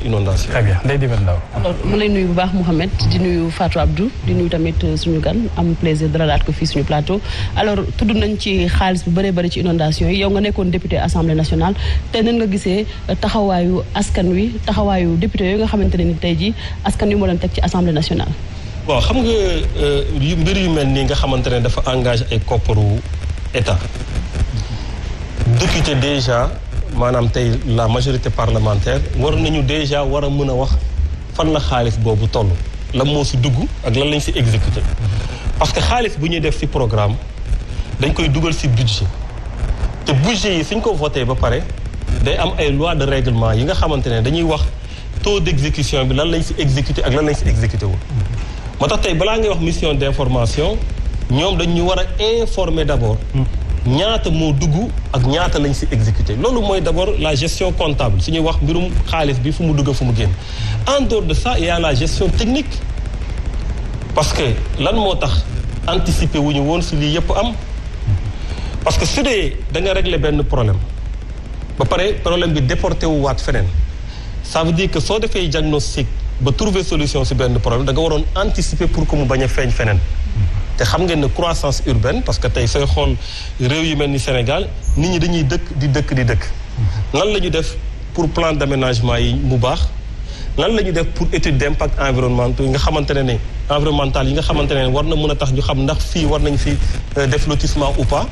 prévention inondation. très bien Ndeye Diagne Ndao. alors ma lay nuyu bu baax Mouhamed di nuyu Fatou Abdou di nuyu tamit euh, suñu gan am plaisir dalalaat ko fii suñu plateau alors tudd nañ ci xaalis bu bare bëri ci inondation yi yow nga nekkoon député assemblée nationale te nan nga gisee euh, taxawaayu askan wi taxawaayu député yooyu nga xamante ne ni tey jii askan wi moo leen teg ci assemblée nationale. bon xam nga euh, yu mbir yu mel nii nga xamante ne dafa engage ay kopparu état député déjà. maanaam tey la majorité parlementaire war nañu déjà war a mën a wax fan la xaalis boobu toll lan moo si dugg ak lan lañ si exécuté parce que xaalis bu ñuy def si programme dañ koy dugal si budget te budget yi suñ ko voté ba pare day am ay loi de règlement yi nga xamante ne dañuy wax taux d' exécution bi lan lañ si exécuté ak lan lañ si exécuté wul moo tax tey balaa ngay wax mission d' information ñoom dañ ñu war a informer d' abord ñaata moo dugg ak ñaata lañ si exécuté loolu mooy d' abord la gestion comptable su wax mbirum xaalis bi fu mu dugg fu mu génn en dehors de sa il la gestion technique parce que lan moo tax anticiper wu ñu woon si lii yëpp am parce que su dee da nga régler benn problème ba pare problème bi déporté wu waat feneen ça veut dire que soo defee diagnostic ba trouver solution si benn problème da nga waroon anticiper pour que mu bañ a feeñ feneen te xam ngeen ne croissance urbaine parce que tey sooy xool réew yu mel ni Sénégal nit ñi dañuy dëkk di dëkk di dëkk. nan la ñu def pour plan d'aménagement yi mu baax. lan la ñu def pour étude d' impact environnemental yi nga xamante ne ne environnemental yi nga xamante ne war na mën a tax ñu xam ndax fii war nañ fii euh, def lotissement ou pas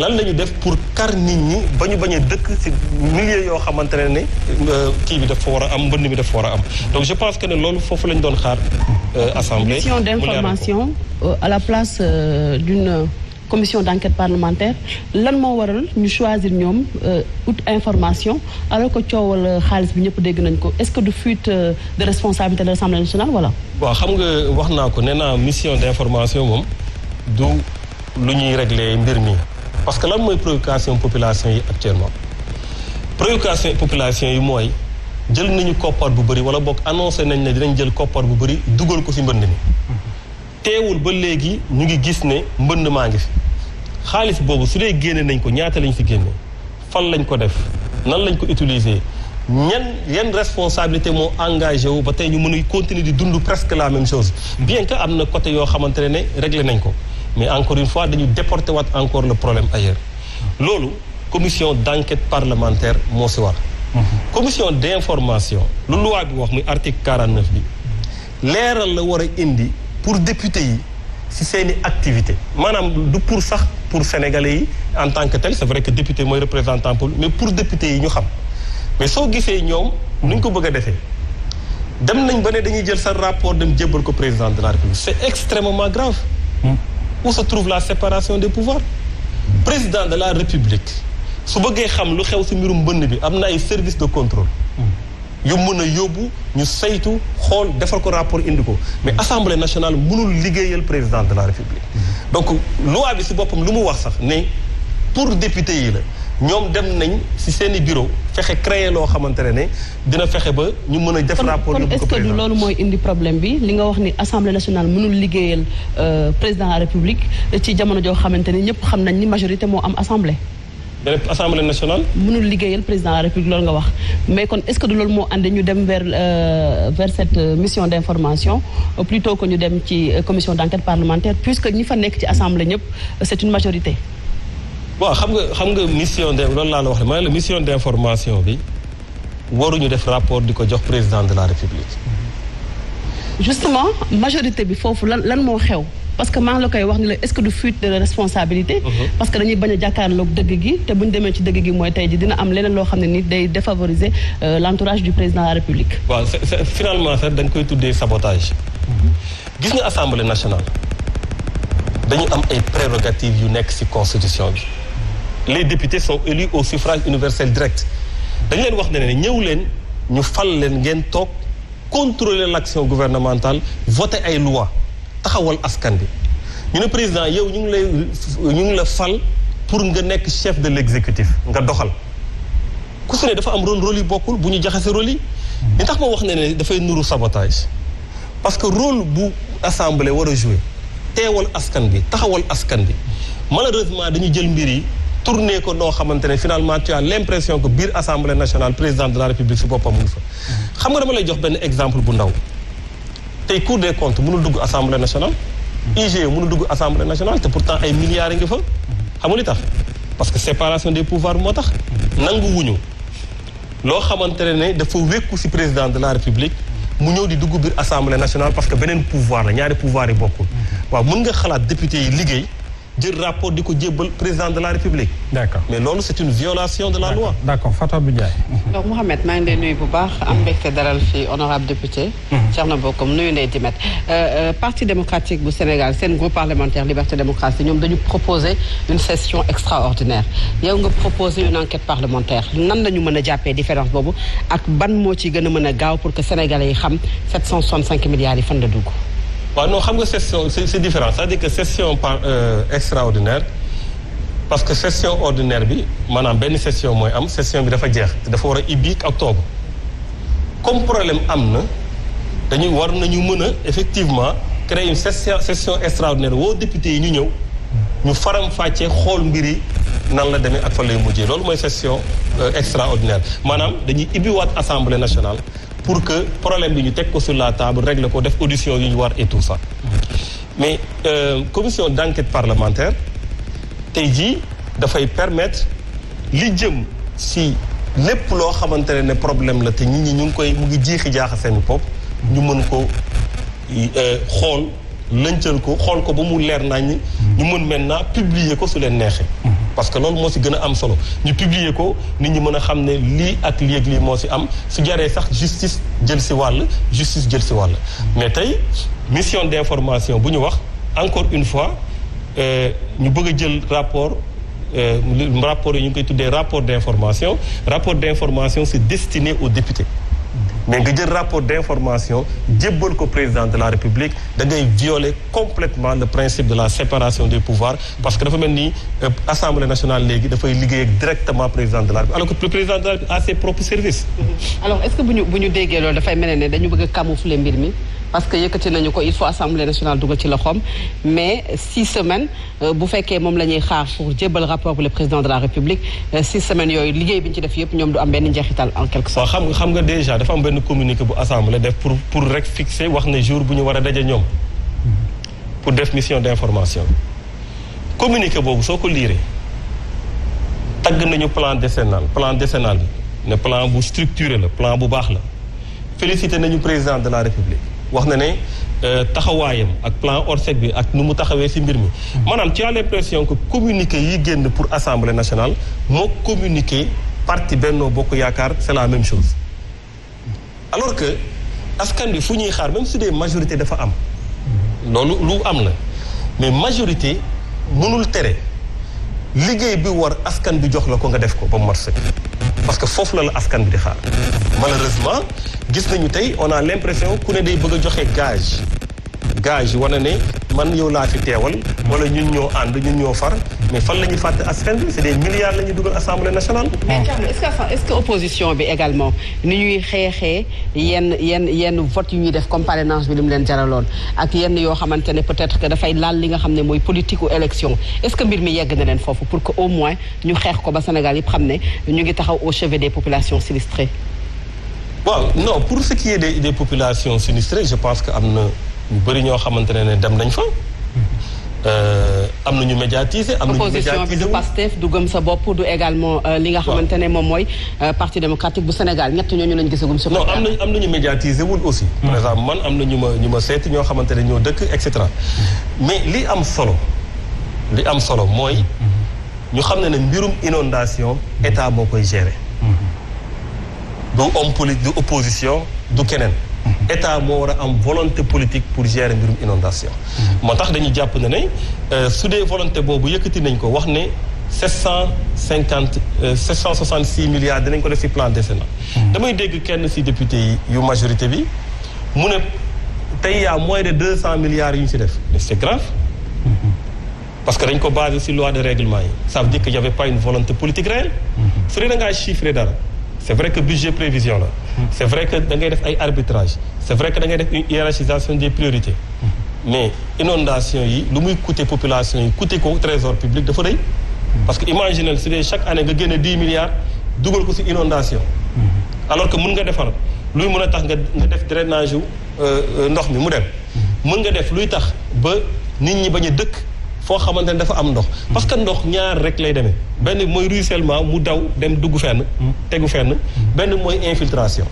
lan la ñu def pour kar nit ñi bañu ñu bañ a dëkk si milieu yoo xamante ne ne euh, kii bi dafa war a am mbënd bi dafa war a am donc je pense que ne loolu foofu la ñu doon xaar euh, assemblée mission d' information à la place du d'une commission d' enquête parlementaire lan moo waral ñu choisir ñoom out euh, information alors que coowal euh, xaalis bi ñëpp dégg nañ ko est ce que du fuite euh, de responsabilité de l' assemblée nationale voilà. waaw xam nga wax naa ko nee naa mission d' information moom du lu ñuy régle mbir mi parce que lan mooy préoccupation population yi actuellement préoccupation population yi mooy jël nañu koppar bu bëri wala boog annoncé nañ ne dinañ jël koppar bu bëri dugal ko ci mbënd mi teewul ba léegi ñu ngi gis ne mbënd maa ngi fi xaalis boobu su dee génne nañ ko ñaata lañu fi génne fan lañ ko def nan lañ ko utiliser ñan yan responsabilité moo engagé wu ba tey ñu mën a continuer di dund presque la même chose bien que am na côté yoo xamante ne réglé nañ ko mais encore une fois dañu déporté waat encore le problème ailleurs loolu commission d'enquête parlementaire moo si war commission d'information lu loi bi wax muy article 49 bi leeral la war a indi pour député yi ci seeni activité maanaam du pour sax pour sénégalais yi en tant que tel c'est vrai que député mooy représentant pour mais pour député yi ñu xam mais soo gisee ñoom nuñ ko bëgg a defee dem nañ ba ne dañuy jël sa rapport dem jébbal ko président de la république c'est extrêmement grave où se trouve la séparation des pouvoirs président de la république su bëggee xam lu xew si mbirum mbënn bi am na ay service de contrôle yu mën a yóbbu ñu saytu xool defar ko rapport indi ko mais assemblée nationale mënul liggéeyal président de la république donc loi bi si boppam lu mu wax sax ne pour député yi la ñoom dem nañ si seen i bureau fexe créer loo xamante ne dina fexe ba ñu mun a def rapport yóbbu ko loolu mooy indi problème bi li nga wax ni assemblée nationale mënul liggéeyal euh, président de la république ci jamono joo xamante ne ñëpp xam nañ ni majorité moo am assemblée de assemblée nationale. mënul liggéeyal président de la république loolu nga wax mais kon est-ce que du loolu moo ànd ñu dem vers euh, vers cette euh, mission d'information euh, plutôt ko ñu dem ci commission d'enquête parlementaire puisque ñi fa nekk ci assemblée ñëpp c'est une majorité. waaw xam nga xam nga mission de loolu laa la wax ne ma la mission d'information bi waruñu def rapport di ko jox président de la république. justement majorité bi foofu lan lan moo xew. parce que maa ngi koy wax ni la est-ce que du fuite de responsabilité. Mhm. parce que dañuy bañ a jàkkaarloog dëgg gi te bu ñu demee ci dëgg gi mooy tey ji dina am leneen loo xam ne ni day défavoriser euh, l'entourage du président de la République. waaw finalement sax dañ koy tuddee sabotage. gis nga assemblée national dañu am ay prérogatives yu nekk ci constitution bi. les députés sont élus au suffrage universel direct dañ leen wax ne ne ñëw leen ñu fal leen ngeen toog contrôler l'action gouvernementale voter ay lois. taxawal askan bi ñu ne président yow ñu ngi lay ñu ngi la fal pour nga nekk chef de l'exécutif nga doxal ku su dafa am rôle rôle yi bokkul bu ñu jaxase rôle yi li tax ma wax ne ne dafay nuru sabotage parce que rôle bu assemblée war a jouer teewal askan bi taxawal askan bi malheureusement dañu jël mbir yi tourné ko noo xamante ne finalement tu as l'impression que biir assemblée nationale président de la république si boppam mu xam nga dama lay jox benn exemple bu tey cour des comptes mënul dugg assemblée nationale. IGE mënul dugg assemblée nationale te pourtant ay milliards nga fa. xamul li parce que séparation des pouvoirs moo tax. nangu wuñu loo xamante ne dafa wékku ci président de la république. mu ñëw di dugg biir assemblée nationale parce que beneen pouvoir la ñaari pouvoir yi bokkul. waaw mën nga xalaat député yi liggéey. jël rapport di ko jébbal président de la république. d' accord mais loolu c' est une violation de la loi. d' accord Fatou Ndiaye. donc Mouhamed maa ngi lay nuyu bu baax. am mbégte daral fii honorable député. Mhm. Thierno Bocoum nuyu Ndeye Dimet. Euh, euh, parti démocratique bu Sénégal seen groupe parlementaire liberté démocratie ñoom dañu proposer une session extraordinaire yow nga proposer une enquête parlementaire nan la ñu mën a jàppee différence boobu ak ban moo ci gën a mën a gaaw pour que sénégalais yi xam 765 milliards yi fan la dugg. waaw non xam nga session c'est c'est différent c'est-à-dire que session par euh, extraordinaire parce que session ordinaire bi maanaam benn session mooy am session bi dafa jeex dafa war a ibbi octobre comme problème am na dañuy war nañu mën a effectivement créer une session session extraordinaire woo député yi ñu ñëw ñu faram fàccee xool mbir yi nan la demee ak fa lay mujjee loolu mooy session euh, extraordinaire maanaam dañuy ibbiwaat assemblée nationale pour que problème bi ñu teg ko sur la table régler ko def audition yu ñu war et tout ça mais euh, commission d'enquête parlementaire tey jii dafay permettre li jëm si lépp loo xamante ne problème la te nit ñi ñu ngi koy mu ngi jiixi jaaxa seen bopp ñu mën ko euh, xool lëncal ko xool ko ba mu leer nañ ñu mën maintenant publier ko su leen neexee parce que loolu moo si gën a am solo ñu publier ko nit ñi mën a xam ne lii at lii ak lii moo si am su jaree sax justice jël si wàll justice jël si wàll. mais tey mission d'information bu ñu wax encore une fois euh, ñu bëgg a jël rapport euh, rapport yi ñu koy tuddee rapport d'information rapport d'information c'est destiné aux députés. mais nga jël rapport d'information jébbal ko président de la république da ngay violer complètement le principe de la séparation des pouvoirs parce que dafa mel ni euh, assemblée nationale léegi dafay liggéey directement président de la république alors que le président de la république a ses propres services. alors est-ce que bu ñu bu ñu déggee loolu dafay mel ne dañu bëgg a camoufler mbir mi. parce que yëkkati nañu ko il faut assemblée nationale dugal ci loxoom mais six semaines euh, bu fekkee moom la ñuy xaar pour jébbal rapport bi le président de la république euh, six semaines yooyu liggéey bi ñu ci def yëpp ñoom du am benn njeexital en quelque sorte. xam nga xam nga déjà dafa am benn communiqué bu assemblée def pour pour rek wax na jour bu ñu war a daje ñoom pour def mission d'information communiqué boobu soo ko liiree tagg nañu plan décennal plan décennal bi plan bu structuré la plan bu baax la félicité nañu président de la république. wax na ne euh, taxawaayam ak plan Orsec bi ak nu mu taxawee si mbir mi. manaam ci as l'impression que communiqué yi génn pour assemblée nationale moo communique parti Benno Bokk Yaakaar c'est la même chose. alors que askan bi fu ñuy xaar même su dee majorité dafa am. loolu lu am la mais majorité mënul tere liggéey bi war askan bi jox la ko nga def ko ba mu mat sëkk parce que foofu la la askan bi di xaar malheureusement gis nañu tey on a l'impression ku ne day bëgg a joxe gage gage wane ne man yow laa fi teewal wala ñun ñoo ànd ñun ñoo far mais fan la ñuy fàtte askan bi c'est des milliards la ñuy dugal assemblée nationale mais est-ce que est-ce que opposition bi également ni ñuy xeexee yenn yenn yenn vote yu ñuy def comme parrainage bi li mu leen jaraloon ak yenn yoo xamante ne peut-être que dafay laal li nga xam ne mooy politique ou élection est-ce que mbir mi yegg na leen foofu pour que au moins ñu xeex ko ba Sénégal yëpp xam ne ñu ngi taxaw au chevet des populations sinistrées waaw non pour ce qui est des des populations sinistrées je pense que am na ñu bëri ñoo xamante ne dem nañ fa. Euh, am nañu médiatisé am nañu médiatisé opposition bi du Pastef du gëm sa bopp du également euh, li nga xamante ne moom mooy euh, parti démocratique bu Sénégal ñett ñooñu lañ gisagum. sur non am nañu am nañu médiatisé wul aussi. Hmm. par exemple man am na ñu ma ñu ma seeti ñoo xamante ne ñoo dëkk et cetera. Hmm. mais li am solo li am solo mooy. Hmm. ñu xam ne ne mbirum inondation état boo koy gérer. du homme politique du opposition du keneen. état moo war a am volonté politique pour gérer mbirum inondation mm-hmm. moo tax dañu jàpp na ne euh, su dee volonté boobu yëkkati nañ ko wax ne sept cent cinquante euh, sept cent soixante six milliards dinañ ko def ci plan décennal mm-hmm. damay dégg kenn ci député yi yu majorité bi mu ne tey yaa moins deux cent milliards yu ñu ci def mais c'est mm-hmm. parce que dañ ko basé ci loi de règlement yi ça veut dire que y pas une volonté politique réelle su dee da ngaa chiffré dara c'est vrai que budget prévision la c'est vrai que da def ay arbitrage c'est vrai que da ngay def une hiérarchisation des priorités mais inondation yi lu muy coûter population yi coûter ko trésor public dafa rëy parce que imaginez su dee chaque année nga génne dix milliards dugal ko ci inondation alors que mën nga defar luy mën a tax nga nga def drainage euh, euh, ndox mi mu dem mën nga def luy tax ba nit ñi bañ dëkk foo xamante ne dafa am ndox parce que ndox ñaar rek lay demee benn mooy ruissellement mu daw dem dugg fenn tegu fenn benn mooy infiltration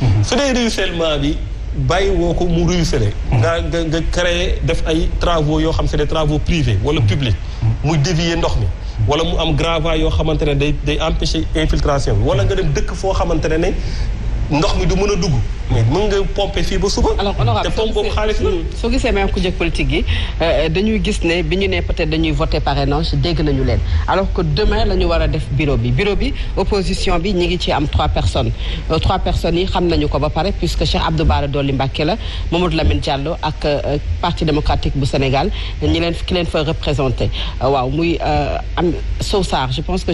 mhm. su dee ruissellement bi bàyyi woo ko mu ruisselé mhm. nga nga nga créer def ay travaux yoo xam c'est des travaux privés wala mhm. publics muy dévier ndox mi wala mu am gravats yoo xamante ne day day empêcher infiltration bi wala nga dem dëkk foo xamante ne ne ndox mi du mën a dugg mais mën nga pomper fii ba suba. alors honorable te pompe boobu xaalis la. soo gisee même ku jëkk politique yi euh, dañuy gis ne bi ñu ne peut-être dañuy voter parrainage dégg nañu leen alors que demain la ñu a def bureau bi bureau bi opposition bi ñi ngi ci am trois personnes euh, trois personnes yi xam nañu ko ba pare puisque Cheikh Abdou Bara Dolly Mbacké la Mamadou Lamine Diallo ak euh, parti démocratique bu Sénégal ñi leen ki leen waaw muy am Sow Sarr je pense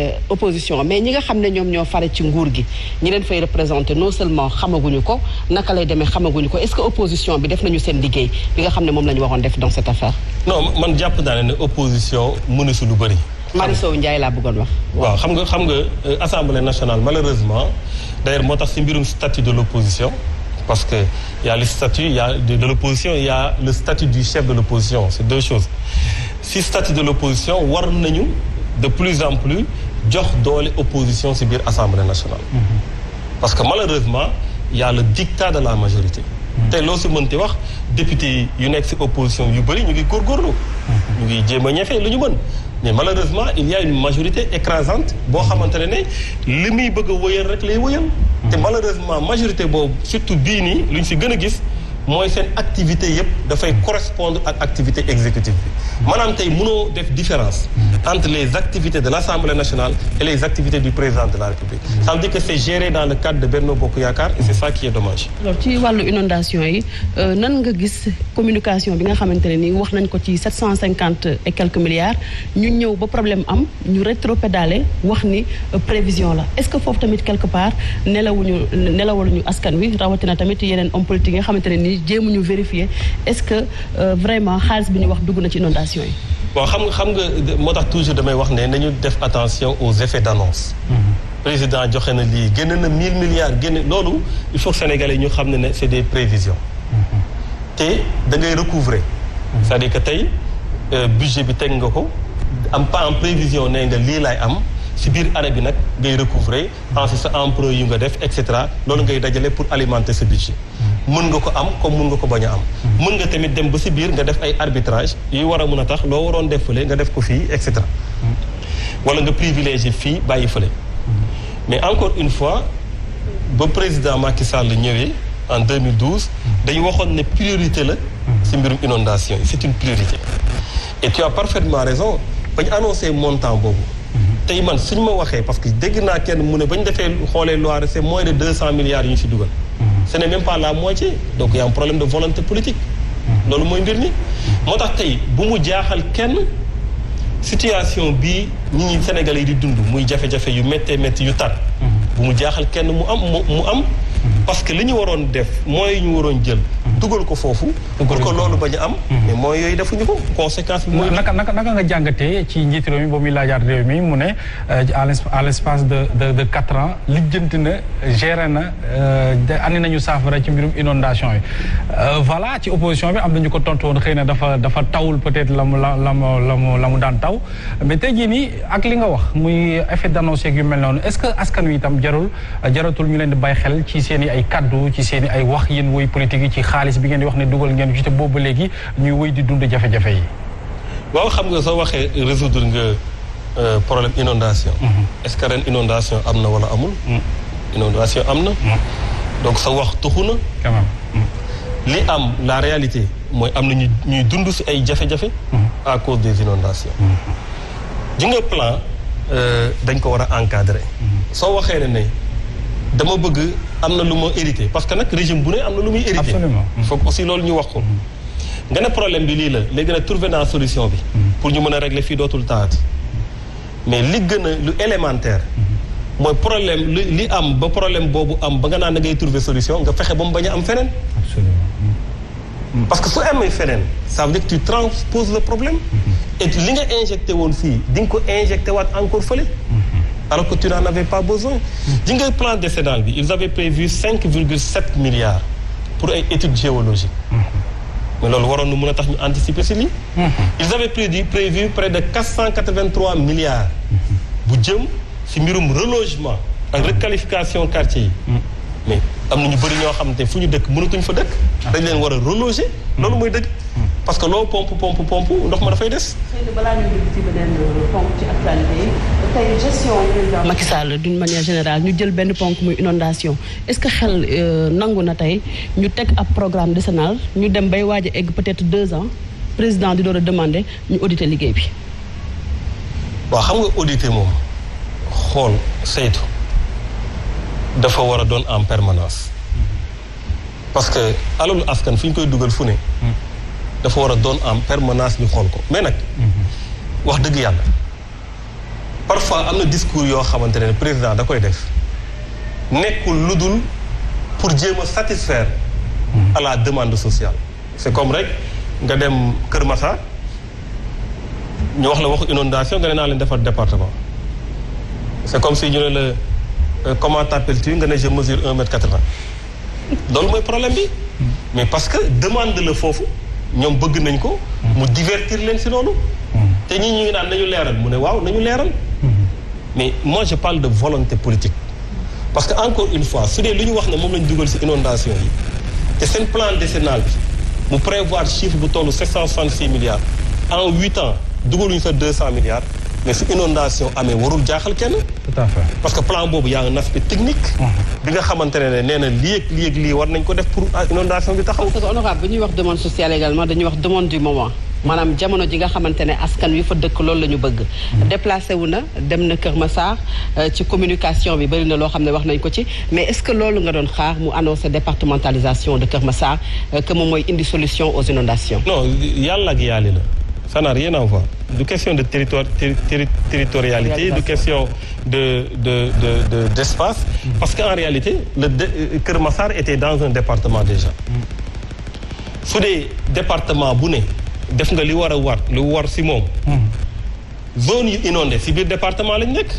Euh, opposition mais ñi nga xam ne ñoom ñoo fare ci nguur gi ñi leen fay représenté non seulement xamaguñu ko naka lay demee xamaguñu ko est-ce que opposition bi def nañu seen liggéey bi nga xam ne moom la ñu waroon def dans cette affaire. non man jàpp naa ne opposition mënu si lu bëri. Mari Sow Ndiaye laa bëggoon wax. waaw xam nga xam nga euh, assemblée nationale malheureusement d'ailleurs moo tax si mbirum statut de l'opposition. parce que y a le statut y a de l'opposition il y a le statut du chef de l'opposition c'est deux choses si statut de l'opposition en plus jox doole opposition ci biir assemblée nationale. parce que malheureusement yàlla a le dictat de la majorité. tey loo si ti wax député yu nekk si opposition yu bëri ñu ngi góorgóorlu. ñu ngi jéem a ñefe lu ñu mën. mais malheureusement il y une majorité écrasante boo xamante ne ne li muy bëgg a wëyal rek lay wëyal. te malheureusement majorité boobu surtout bii nii lu ñu fi gën a gis. mooy seen activité yëpp dafay correspondre ak activité exécutive bi maanaam tey mënoo def différence entre les activités de l'Assemblée nationale et les activités du président de la République ça veut dire que c'est géré dans le cadre de Benno Bokk Yaakaar et c'est ça qui est ci wàllu inondation yi euh, nan nga gis communication bi nga xamante ne ni wax nañ ko ci sept cent cinquante et quelques milliards ñu ñëw ba problème am ñu rétropédaler wax ni euh, prévision la est-ce que foofu tamit quelque part nelawuñu nelawuñu askan wi rawatina tamit yeneen ñu jéemu ñu vérifier est-ce que euh, vraiment xaalis bi ñu wax dugg na ci inondation yi bon xam nga xam nga moo tax toujours damay wax ne nañu def attention aux effets d'annonce mm-hmm. président joxe na lii génn na mille milliards génn loolu il faut que sénégalais ñu xam ne ne c'est des prévisions mm-hmm. te da ngay recouvrer mm-hmm. cest à que tey euh, budget bi teg nga ko am pas en prévision nee nga lii laay am si biir année bi nag ngay recouvrer en sa emprunt yu nga def et cetera loolu ngay dajale pour alimenter ce budget mën nga ko am comme mën nga ko bañ a am hmm. mën nga tamit dem ba si biir nga def ay arbitrage yuy war a mun a tax loo waroon def fële nga def ko fii et cetera hmm. wala nga privilégié fii bàyyi fële hmm. mais encore une fois ba président Macky Sall ñëwee en 2012 dañu waxoon ne priorité la si mbirum inondation yi c'est une priorité et tu as parfaitement raison ba ñu annoncé montant boobu tey man suñu ma waxee parce que dégg naa kenn mu ne ba ñu defee xoolee Loire c'est cent milliards ñu si dugal ce n'est même pas la moitié donc il y problème de volonté politique loolu mooy mbir mi moo tax tey bu mu jaaxal kenn situation bi ñi ñi Sénégal yi di dund muy jafe-jafe yu méttee métti yu tar mhm. bu mu jaaxal kenn mu am mu am mhm. parce que li ñu waroon def mooy ñu waroon jël dugal ko foofu. dugal ko pour que loolu bañ a am. Mhm. mooy yooyu defuñu ko conséquence bi. mooy naka naka naka nga jàngatee ci njiitu réew mi ba muy laajaat réew mi mu ne euh, à l' espace de de de quatre ans na géré na euh, andi nañu saafara ci mbirum inondation yi. Euh, voilà ci opposition bi am nañu ko tontu woon xëy na dafa dafa tawul peut être la la la mu la mu daan taw mais tey jii nii li nga wax muy effet d' annonce yu mel noonu est ce askan wi itam jarul jaratul ñu leen di xel ci seen i ay kaddu ci seen ay wax yéen woy politique yi ci xaalis. xaalis bi ngeen di wax ne dugal ngeen ci te boobu léegi ñuy wéy di dund jafe-jafe yi. waaw xam nga soo waxee résoudre nga euh, problème inondation mm-hmm. est-ce que ren inondation am na wala amul. Mm-hmm. inondation am na. Mm-hmm. donc sa wax tuxu na. quand li am la réalité mooy am na ñu ñuy dund si ay jafe-jafe. à cause des inondations. ji plan euh, dañ ko war a soo waxee ne ne dama bëgg. am na lu ma hérité parce que nag régime bu nee am na lu muy hérité. absolument foog aussi loolu ñu wax ko. Mm-hmm. nga ne problème bi lii la léegi na trouvé naa solution bi. Mm-hmm. pour ñu mën a régler fii dootul taat. mais li gën a lu élémentaire. Mm-hmm. mooy problème li li am ba problème boobu am ba nga naan da ngay trouver solution nga fexe ba mu bañ am feneen. absolument. parce que su amee feneen ça veut dire que tu transposes le problème. et li nga injecté woon fii di nga ko injecté waat encore fële. alors que tu n'en avais pas besoin. ji nga plan décennal bi ils avaient prévu cinq virgule sept milliards pour ay études géologiques. mais loolu waroon na mun a tax ñu anticiper si lii. ils avaient prévu prévu près de quatre cent quatre vingt milliards. bu jëm si mbirum relogement ak requalification quartier yi. mais am na ñu bëri ñoo xam te fu ñu dëkk mënatuñ fa dëkk. dañ leen war a reloger. loolu mooy dëgg. parce que loo pompe pompe pompe ndox ma dafay des. Seydou beneen pompe Sall d'une manière générale ñu jël benn ponk muy inondation est-ce que xel euh, nangu na tey ñu teg ab programme décennal ñu dem bay waaj egg peut-être deux ans président di door a demander ñu auditer liggéey bi. waaw xam nga auditer moom xool saytu dafa war a doon en permanence parce que alalu askan fu ñu koy dugal fu ne. Hmm. dafa war a doon en permanence ñu xool ko mais nag wax dëgg yàlla parfois am na discours yoo xamante ne président da koy def nekkul lu dul pour jéem a satisfaire mm-hmm. à la demande sociale c'est comme rek nga dem Kër Massa ñu wax la waxu inondation nga ne naa leen defar département c'est comme si ñu ne la euh, comment t'appelles-tu nga ne je mesure un mètre quatre-vingts loolu mooy problème bi mm-hmm. mais parce que demande la foofu ñoom bëgg nañ ko. mu divertir leen si loolu. te ñii ñu ngi naan nañu leeral mu ne waaw nañu leeral. mais moi je parle de volonté politique. parce que encore une fois su dee lu ñu wax ne moom lañ dugal si inondation yi te seen plan décennal bi mu prévoir chiffre bu tollu 766 milliards en huit ans dugaluñu deux 200 milliards. mais su inondation amee warul jaaxal kenn. tout parce que plan boobu yaa ngi un aspect technique. Mm-hmm. bi nga xamante ne nee na lii ak lii lii war nañ ko def pour ah, inondation bi taxaw. parce que bu ñuy wax demande sociale également wax demande du moment. maanaam jamono ji nga xamante ne askan wi fa dëkk loolu la ñu bëgg. Mm-hmm. déplacé wu na dem na Kër ma Massar euh, ci communication bi bëri na loo xam ne wax nañ ko ci mais est-ce que loolu nga doon xaar mu annoncé départementalisation de Kër Massar euh, que moom mooy indi solution aux inondations. yàlla ak la. ça n'a rien à voir du question de territoire ter, ter, du question de de de d'espace de, mm. parce qu'en réalité le euh, Kër masar était dans un département déjà mm. su dee département bu ne def nga li war a war lu war si moom mm. zone yu inondé si biir département lañ nekk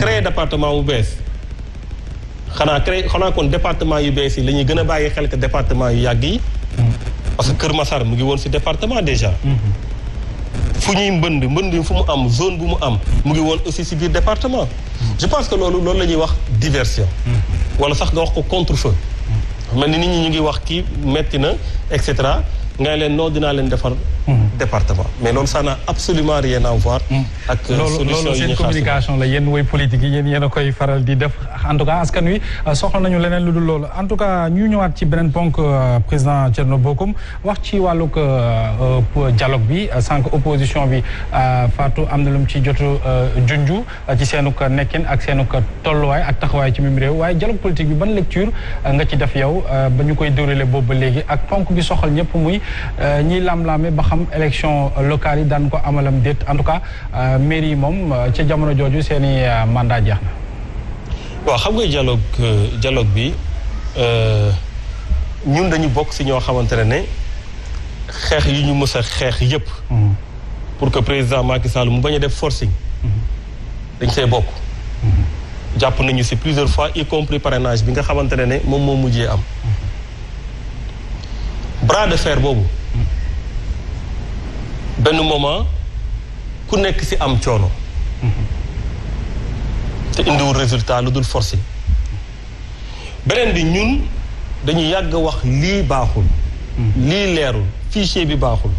créer mm. département bu bees xanaa créé xanaa kon département yu bees yi la ñuy gën a bàyyi xel que département yu yàgg yi mm. parce que Kër masar mu ngi woon si département déjà mm-hmm. fu ñuy mbënd mbënd fu mu am zone bu mu am mu ngi woon aussi si biir département je pense que loolu lool lañuy wax diversion wala sax nga wax ko contre fa mel ni nit ñi ñu ngi wax kii metti na et cetera ngay leen noo dinaa leen defar Mm. département mais loolu ça n'a absolument rien à voir mm. ak solution yi seen communication la yéen woy politique yi yéen koy faral di def en tout cas askan wi euh, soxla nañu leneen lu dul loolu en tout cas ñu ñëwaat ci beneen ponk euh, président Thierno Bocoum wax ci wàllug euh, dialogue bi sànq opposition bi Fatou am na lu mu ci jotu junju ci seenuk nekkin ak seenu seenuk tolluwaay ak taxawaay ci mim réew waaye dialogue politique bi ban lecture nga ci def yow ba ñu koy déroulé boobu ba léegi ak ponk bi soxal ñëpp xam élection locale yi daan ko amalam déet en tout cas euh, mairie yi moom euh, ca jamono jooju seeni i euh, jeex na. waaw xam nga dialogue dialogue bi ñun dañu bokk ci ñoo xamante ne ne xeex yi ñu mës xeex yépp mm-hmm. pour que président Macky Sall mu bañ def forcing mm-hmm. dañ see bokk mm-hmm. jàpp nañu ci plusieurs fois y compris parrainage bi nga xamante ne ne moom moo mujjee am bras de fer boobu benn moment ku nekk si am coono. te indiwul résultat lu dul force beneen bi ñun dañu yàgg wax lii baaxul. lii leerul fichier bi baaxul.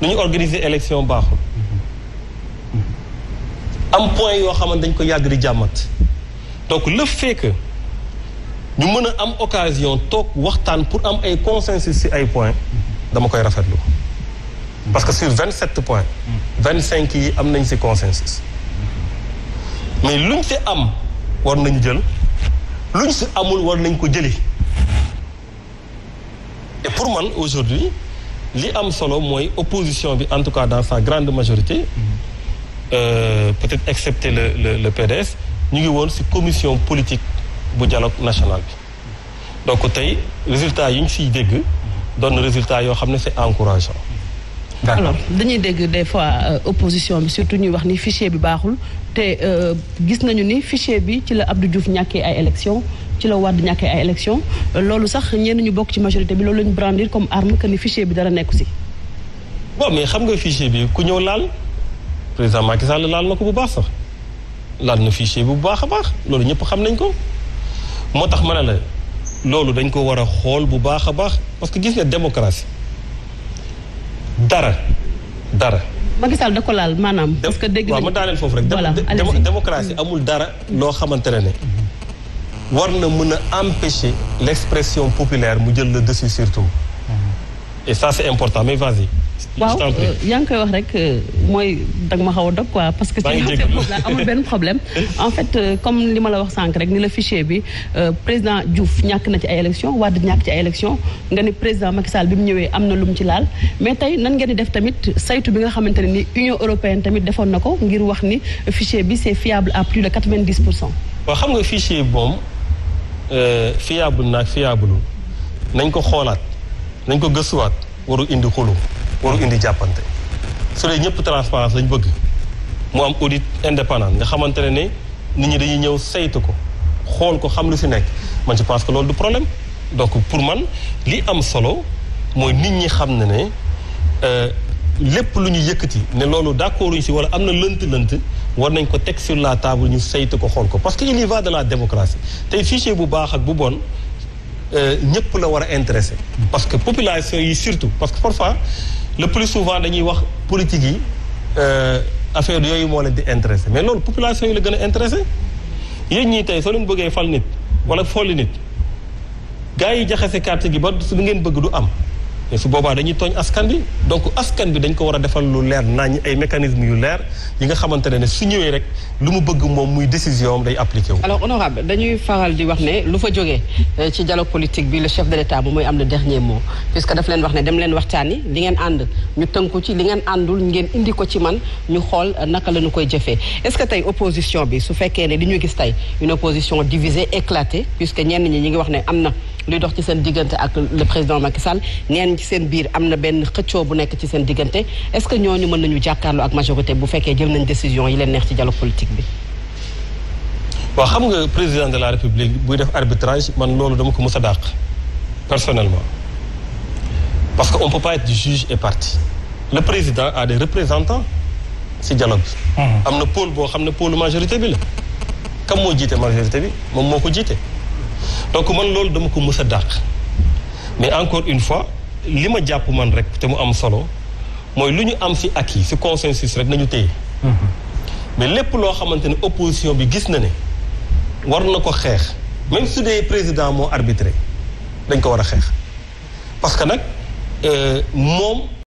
nu ñu organiser élection baaxul. am point yoo xamante dañ ko yàgg di jàmmat. donc le fait ñu mën a am occasion toog waxtaan pour am ay consensus ci ay point dama koy rafetlu. parce que sur vingt sept points vingt cinq yi am nañ ci consensus mais luñ si am war nañ jël luñ ci amul war nañ ko jëli et pour man aujourd'hui li am solo mooy opposition bi en tout cas dans sa grande majorité mm-hmm. euh, peut-être excepté le le le PDS ñu ngi woon ci commission politique bu dialogue national bi donc tey résultat yi ñu ciy dégg doon résultat yoo xam ne si encourageant alors dañuy dégg des fois euh, opposition bi surtout ñuy wax ni fichier bi baaxul te euh, gis nañu ni fichier bi ci la Abdou Diouf ñàkkee ay élection ci la Wade ñàkkee ay élection euh, loolu sax ñeen ñu bokk ci majorité bi loolu lañu brandir comme arme que ni fichier bi dara nekku si boo mais xam nga fichier bi ku ñëw laal président Macky Sall laal na ko bu baax sax laal na fichier bi bu baax a baax loolu ñëpp xam nañ ko moo tax ma ne la loolu dañ ko war a xool bu baax a baax parce que gis nga démocratie dara dara. Macky Sall da ko laal maanaam. parce que dégg nañu ma daaneel foofu rek. voilà démocratie amul dara loo xamante ne ne. war na mun a empêcher l' expression populaire mu jël la dessus surtout. et ça c' est important mais vas waaw yaa ngi koy wax rek euh, mooy dag ma xaw a dog quoi parce que amul benn problème en fait euh, comme li ma la wax sànq rek ni la fichier bi euh, président Diouf ñàkk na ci ay élection ñàkk ci ay élection président Macky Sall bi mu ñëwee am na lu mu ci laal mais tey nan ngeen di def tamit saytu bi nga xamante ne ni Union européenne tamit defoon na ko ngir wax ni fichier bi c'est fiable à plus de quatre-vingt-dix pour cent waaw xam nga fichier boom fiable naag fiable nañ ko xoolaat nañ ko gëstuwaat warul indi xulu waru indi jàppante su dee ñëpp transparence lañ bëgg mu am audit indépendant nga xamante ne ne nit ñi dañuy ñëw saytu ko xool ko xam lu si nekk man je pense que loolu du problème donc pour man li am solo mooy nit ñi xam ne ne euh, lépp lu ñu yëkkati ne loolu d'accord ñu si wala am na lënt-lënt war nañ ko teg sur la table ñu saytu ko xool ko parce que il va de la démocratie tey fichier bu baax ak bu bon euh, ñëpp la war a intéressé parce que population yi surtout parce que parfois le plus souvent dañuy wax politique yi euh, affaire yooyu moo leen di intéressé mais loolu population yi la gën a intéressé yéen ñii tey soo leen bëggee fal nit wala folli nit gars yi jaxase carte gi ba su ngeen bëgg du am su boobaa dañuy tooñ askan bi donc askan bi dañ ko war a defal lu leer naa nañ ay mécanismes yu leer yi nga xamante ne ne su ñëwee rek lu mu bëgg moom muy décision am day appliqué wu. alors honorable dañuy faral di wax ne lu fa jógee euh, ci dialogue politique bi le chef de l'état bu mooy am le dernier mot puisque daf leen wax ne dem leen waxtaani li ngeen ànd ñu tënku ci li ngeen àndul ngeen indi ko ci man ñu xool euh, naka la ñu koy jëfee est-ce que tey opposition bi su fekkee ne li ñu gis tey une opposition divisée éclatée puisque ñenn ñi ñi ngi wax ne am na. luy dox ci seen diggante ak le président Macky neen ci seen biir am na benn xëccoo bu nekk ci seen diggante est-ce que ñooñu mën nañu jàkkaarloo ak majorité bu fekkee jël nañ décision yi leen neex ci dialogue politique bi. waaw xam nga président de la république buy def arbitrage man loolu dama ko mës a dàq personnellement parce que on peut pas être juge et parti le président a de représentant si dialogue bi. Hmm. am na pôle boo xam ne pôle majorité bi la. kam moo moo ko donc man loolu dama ko mës a dàq mais encore une fois li ma jàpp man rek te mu am solo mooy lu ñu am si acquis si consensus rek nañu téye mais lépp loo xamante ne opposition bi gis na ne war na ko xeex même su dee président moo arbitré dañ ko war a xeex parce que nag euh, moom